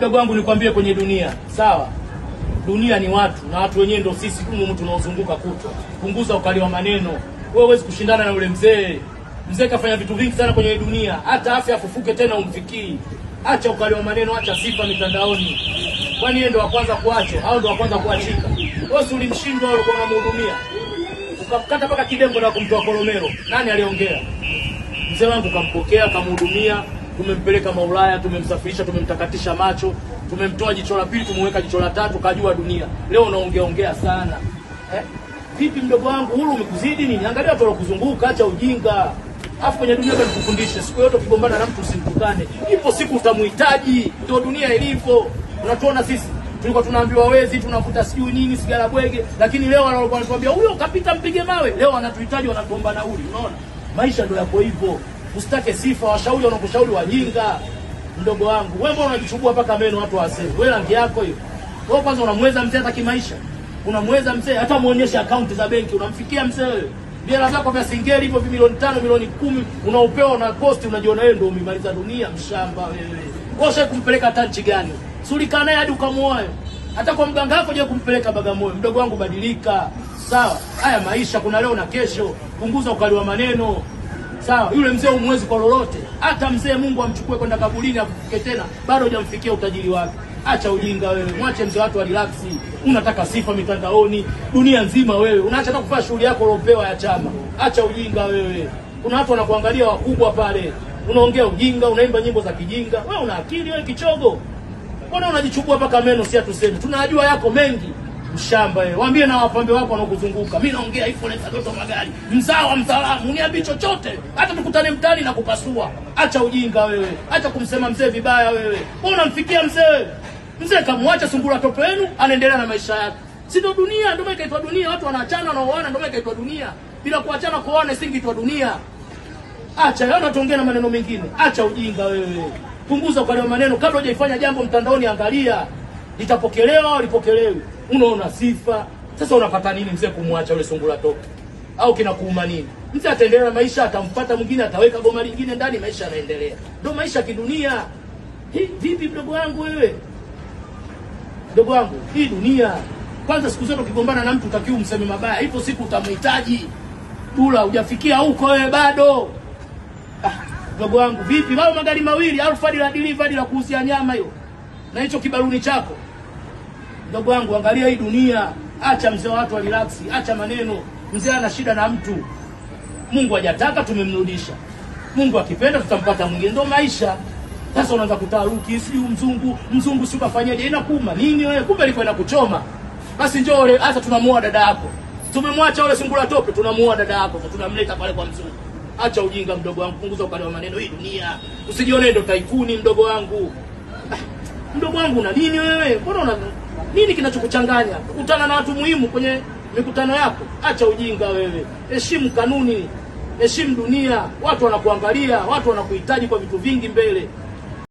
Ndugu wangu nikwambie, kwenye dunia sawa, dunia ni watu na watu wenyewe ndio sisi humu tunaozunguka kutwa. Punguza ukali wa maneno, wewe huwezi kushindana na yule mzee. Mzee kafanya vitu vingi sana kwenye dunia, hata afya afufuke tena umfikii. Acha ukali wa maneno, acha sifa mitandaoni, kwani yeye ndio wa kwanza kuacha au ndio wa kwanza kuachika? Wewe si ulimshindwa au ulikuwa unamhudumia ukakata mpaka kidembo na kumtoa Koromero? Nani aliongea? Mzee wangu kampokea, kamhudumia tumempeleka Maulaya, tumemsafirisha, tumemtakatisha macho, tumemtoa jicho la pili, tumeweka jicho la tatu, kajua dunia. Leo unaongea ongea sana eh? Vipi mdogo wangu, huru umekuzidi nini? Angalia watu walokuzunguka, acha ujinga. Afu kwenye dunia nikufundishe, siku yote ukigombana na mtu usimtukane, ipo siku utamhitaji. Ndio dunia ilivyo. Unatuona sisi tulikuwa tunaambiwa wezi, tunavuta sijui nini, sigara bwege, lakini leo wanatuambia huyo kapita, mpige mawe. Leo wanatuhitaji, wanatuomba nauli. Unaona maisha ndio yako hivyo usitake sifa, washauri wanakushauri wajinga. Mdogo wangu wewe, mbona unajichubua mpaka meno watu waseme wewe? Rangi yako hiyo. Wewe kwanza unamweza mzee hata kimaisha, unamweza mzee hata muonyeshe akaunti za benki, unamfikia mzee wewe. Biashara zako vya singeli hivyo vi milioni tano milioni kumi unaopewa na kosti, unajiona wewe ndio umemaliza dunia. Mshamba wewe, kosha kumpeleka hata nchi gani? Sulika naye hadi ukamwoe, hata kwa mganga wako je, kumpeleka Bagamoyo? Mdogo wangu, badilika. Sawa, haya maisha kuna leo na kesho, punguza ukali wa maneno sawa. Yule mzee umwezi kwa lolote, hata mzee Mungu amchukue kwenda kaburini akufuke tena, bado hujamfikia utajiri wake. Acha ujinga wewe, mwache mzee watu wa relax. Unataka sifa mitandaoni dunia nzima, wewe unaacha hata kufanya shughuli yako uliopewa ya chama. Acha ujinga wewe, kuna watu wanakuangalia wakubwa pale, unaongea ujinga, unaimba nyimbo za kijinga. Wewe una akili wewe, kichogo? Mbona unajichukua mpaka meno? Si atuseme tunajua yako mengi mshamba wewe. Waambie na wapambe wako wanaokuzunguka. Mimi naongea hivyo na ndoto magari. Mzawa mtaalamu, uniambie chochote. Hata tukutane mtaani na kupasua. Acha ujinga wewe. Acha kumsema mzee vibaya wewe. Wewe unamfikia mzee. Mzee kamwacha sungura tope wenu, anaendelea na maisha yake. Si ndo dunia, ndio maana ikaitwa dunia. Watu wanaachana na kuoana, ndio maana ikaitwa dunia. Bila kuachana kuoana isingeitwa dunia. Acha yana tuongee na maneno mengine. Acha ujinga wewe. Punguza kwa leo maneno kabla hujaifanya jambo mtandaoni, angalia litapokelewa au lipokelewi unaona sifa. Sasa unapata nini mzee kumwacha yule sungura toke? Au kinakuuma nini? Mtu ataendelea maisha, atamfuata mwingine, ataweka boma lingine ndani, maisha yanaendelea. Ndio maisha kidunia. vipi mdogo wangu wewe? Mdogo wangu, hii dunia. Kwanza siku zote ukigombana na mtu utakiwa umseme mabaya. Ipo siku utamhitaji. Bula hujafikia huko wewe bado. Ah, mdogo wangu, vipi? Wao magari mawili, Alfa la delivery la kuuzia nyama hiyo. Na hicho kibaruni chako. Ndugu wangu, angalia hii dunia, acha mzee wa watu wa relax, acha maneno. Mzee ana shida na mtu, Mungu hajataka tumemrudisha, Mungu akipenda tutampata mwingine, ndio maisha. Sasa unaanza kutaruki, si mzungu mzungu, si ukafanyaje, inakuuma nini wewe? Kumbe ilikuwa inakuchoma. Basi njoo ole, hata tunamuoa dada yako, tumemwacha ole sungura tope, tunamuoa dada yako, Sasa tunamleta pale kwa mzungu. Acha ujinga mdogo wangu, punguza ukali wa maneno. Hii dunia usijione ndio taikuni mdogo wangu. Ah mdogo wangu, una nini wewe? Mbona una nini? Kinachokuchanganya kukutana na watu muhimu kwenye mikutano yako? Acha ujinga wewe, heshimu kanuni, heshimu dunia. Watu wanakuangalia, watu wanakuhitaji kwa vitu vingi mbele